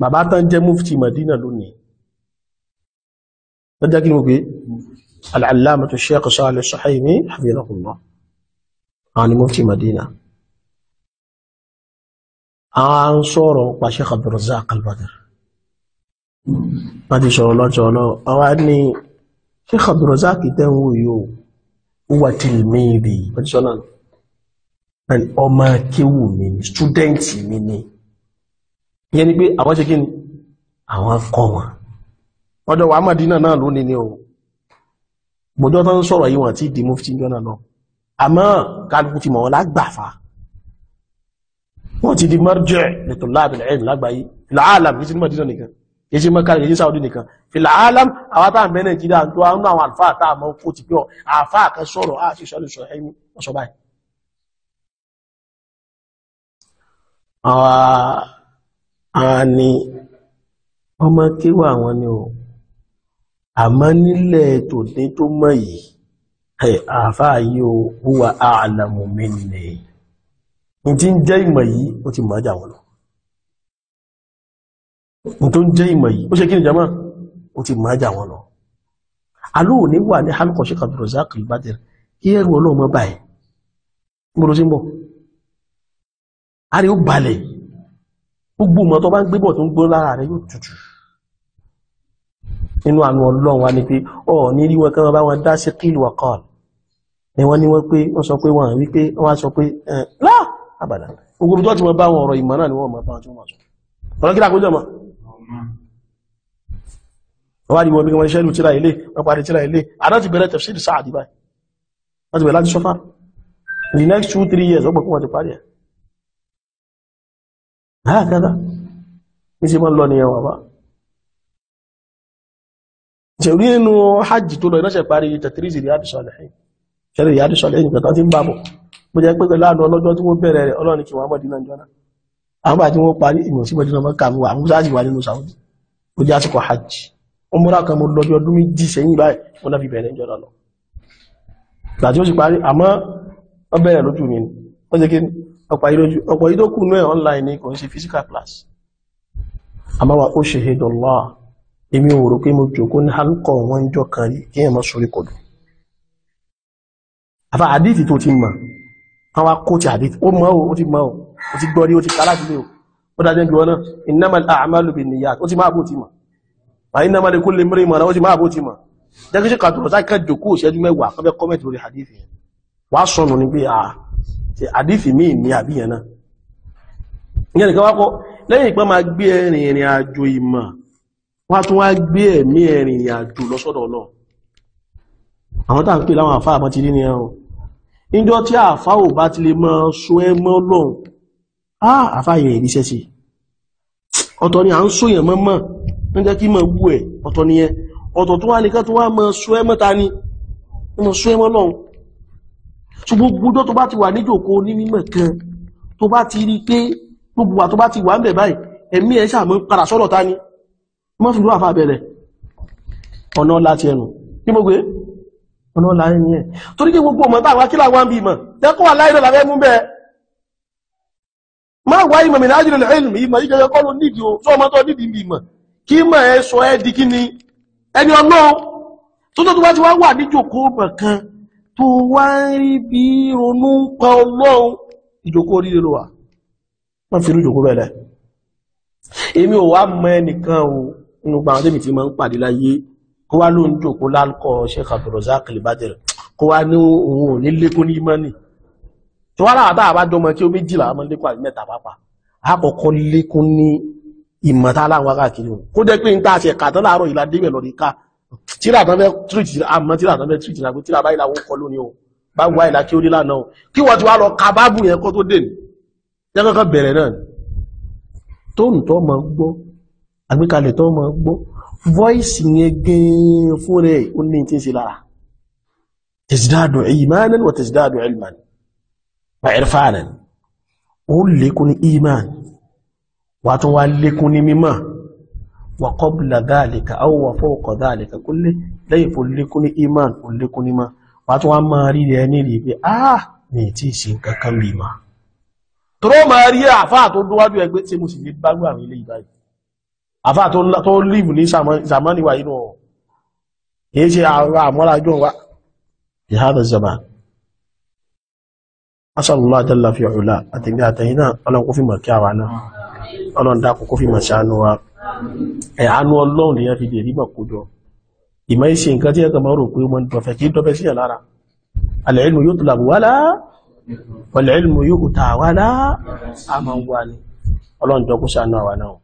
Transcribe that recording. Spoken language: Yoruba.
bàbá tán jẹ́ mufti madina lónìí lọ́jọ́ kí ni mo pé al'allamatu sheikh salih suhaimi hafizahullah àwọn ni mufti madina àwọn ń sọ̀rọ̀ pa sheikh abdurrazak albadar láti sọ̀rọ̀ lọ́jọ́ náà àwọn ni sheikh abdurrazak tẹ́wọ́ yóò wà tilmidi ọmọ kéwù mi ni student mi ni ìyẹn ni pé àwọn ṣe kí ni àwọn kọ́ wọn ọjọ́ wa Mádínà náà ló ní o gbọ́jọ́ tó ń sọ̀rọ̀ yìí wọ́n ti di mufti jọ́nà náà àmọ́ kálukú ti mọ̀ wọn lágbàfà wọ́n ti di marjẹ́ lẹ́tọ̀ láàbìn ẹ̀yìn lágbàáyé filalam kìí sí Mádínà nìkan kìí sí mọ́kàlì kìí sí Saudi nìkan filalam àwọn táà bẹ́ Nàìjíríà tó ń nú àwọn àlfáà táà mọ́ kó ti pé ọ àfáà kan sọ̀rọ̀ a ní ọmọ kíwà wọn ni o àmọ́ nílẹ̀ tòní tó mọ̀ yìí àáfàá yìí o wúwa àlàmù mi nìyẹn ní tí ń jẹ́ ìmọ̀ yìí ó ti mọ̀ jà wọn lọ ní tó ń jẹ́ ìmọ̀ yìí ó ṣe kí ni jama ó ti mọ̀ jà lọ alóò ní wà ní halkọ̀ ṣe gbogbo mọ̀ tó bá ń gbébọ̀ tó ń gbó lára rẹ̀ yóò tutù nínú àánú ọlọ́run wa ni pé ọ̀ ní rí wọn kan bá wọn dá sí kílù ọkàn ni wọ́n ní wọ́n pé wọ́n sọ pé wọ́n rí pé wọ́n sọ pé láà ogun tó ti mọ bá wọn ọ̀rọ̀ ìmọ̀ náà ni wọ́n mọ̀ bá tí wọ́n mọ̀ هكذا kada mọ́ lọ nìyẹn wàwá ṣèrí inú hajj tó lọ ìrọ́ṣẹ̀ parí tẹ̀tírìsì Riyadus Salihin ṣẹ́rí Riyadus Salihin nìkan tí ń bàbọ̀ bó jẹ́ pé láàánú ọlọ́jọ́ tí wọ́n bẹ̀rẹ̀ rẹ̀ ọlọ́ni kí wọ́n Mọdínà jọ́nà àwọn bá tí wọ́n parí mo ọ̀pọ̀ yìí tó náà online ní kò ń ṣe physical class àmáwà ó ṣe hìdọ̀lá èmi ò rò pé mo jòkó ní halkọ̀ wọn jọ kan rí kí èèyàn mọ́ sórí kọ̀dù àfà àdíìtì tó ti mọ̀ káwà kó ti àdíìtì ó mọ́ ó ti mọ́ ó ti gbọ́rí ó ti kálàdílé ó dájẹ́ bí wọ́n ma nawa ó ti máa bó ti mọ̀ jẹ́kí ṣe kàtùrọ̀ sáà kan jòkó ìṣẹ́jú ṣe àdífì míì ní àbíyàn náà ìyẹn nìkan wákọ́ lẹ́yìn ìpá máa gbé ẹ̀rìn ìrìn àjò ìmọ̀ wá tún wá gbé ẹ̀mí ẹ̀rìn ìrìn àjò lọ́sọ́dọ̀ náà àwọn tàà ń pè láwọn àfáà àmọ́ ti rí ní ẹ̀hùn níjọ́ tí àfáà ò bá ti lè mọ́ so ẹ mọ́ lọ́hùn àfáà yẹn ìníṣẹ́ sí ọ̀tọ̀ ni à ń tó wá nìkan tó wá mọ́ so ẹ mọ́ ta ni ṣùgbọ́n gbogbo tó bá ti wà níjòkó ní mímọ̀ kan tó bá ti rí pé gbogbo wa tó bá ti wà ń bẹ̀ báyìí ẹ̀mí ẹ̀ sàmọ́ padà sọ́dọ̀ ta ni mọ́ fi lóhà fàbẹ̀rẹ̀ ọ̀nà ọ̀la ti ẹnu kí mo gbé ọ̀nà ọ̀la ẹni ẹ̀ torí kí gbogbo ọmọ táwọn akílà wa ń bí ìmọ̀ jẹ́kọ́ aláìrẹ̀ làbẹ́ tó tó ni ẹni ọlọ́run tó tó tó wá ti wá wà níjòkó mọ̀ kan tó wá ń rí bí ronú ń pa ọlọ́run ìjòkó oríire ló wà wọ́n fi ìjòkó bẹ̀rẹ̀ èmi ò wá mọ ẹnìkan o nínú gbà àwọn tèmi tí máa ń pàdé láyé kó wá ló ń jòkó lálkọ Sheikh Abdulrazak Al-Badr kó wá ní òun ò ní lékún ní tíra tán fẹ́ tírìtì àmọ́ tíra tán fẹ́ tírìtì náà tíra báyìí làwọn kọ lónìí o bá wà ìlà kí ó nílà náà kí wọ́n ti wá lọ ka báàbù yẹn kó tó dè ní yẹ́kọ́kọ́ bẹ̀rẹ̀ náà tóun tó máa gbọ́ àgbékalẹ̀ tó máa gbọ́ voice yẹn gan fún rẹ̀ ó ní tí ń ṣe lára tẹ̀sídáàdù ìmánan wà tẹ̀sídáàdù ilman wà irfanan ó lékún ní ìmán wà tún wá lékún ní mímọ̀ وقبل ذلك أو وفوق ذلك كله لي فلكني إيمان فلكني ما wàtí wọ́n máa rí rẹ̀ ní rí pé ah ní tí ṣe nǹkankan bí ma tọ́rọ máa rí àfáà tó dúwájú ẹgbẹ́ tí mo sì lè gbágbà àwọn ilé ìbáyìí àfáà tó lìbù ní sàmánìwà inú ọ̀ kìí ṣe àwọn àmọ́lájú wa ìhádà zaman asàlùlá jalla fi ọ̀rùlá àtẹ̀gbẹ́ àtẹ̀yìn náà ọlọ́n kó fi mọ̀ kí àwa náà ọlọ́n dákò kó fi mọ̀ ṣàánú wa ẹ̀hánú ọlọ́run lèyàn fi dèrí mọ̀ kójọ ìmọ̀ ìṣe nǹkan tí ẹ̀kan máa rò pé wọ́n dọ̀fẹ́ kí dọ́fẹ́ sí lára alẹ́lmù yóò tó làbù wálá alẹ́lmù yóò tà wálá ọlọ́run jọ kó ṣàánú àwa náà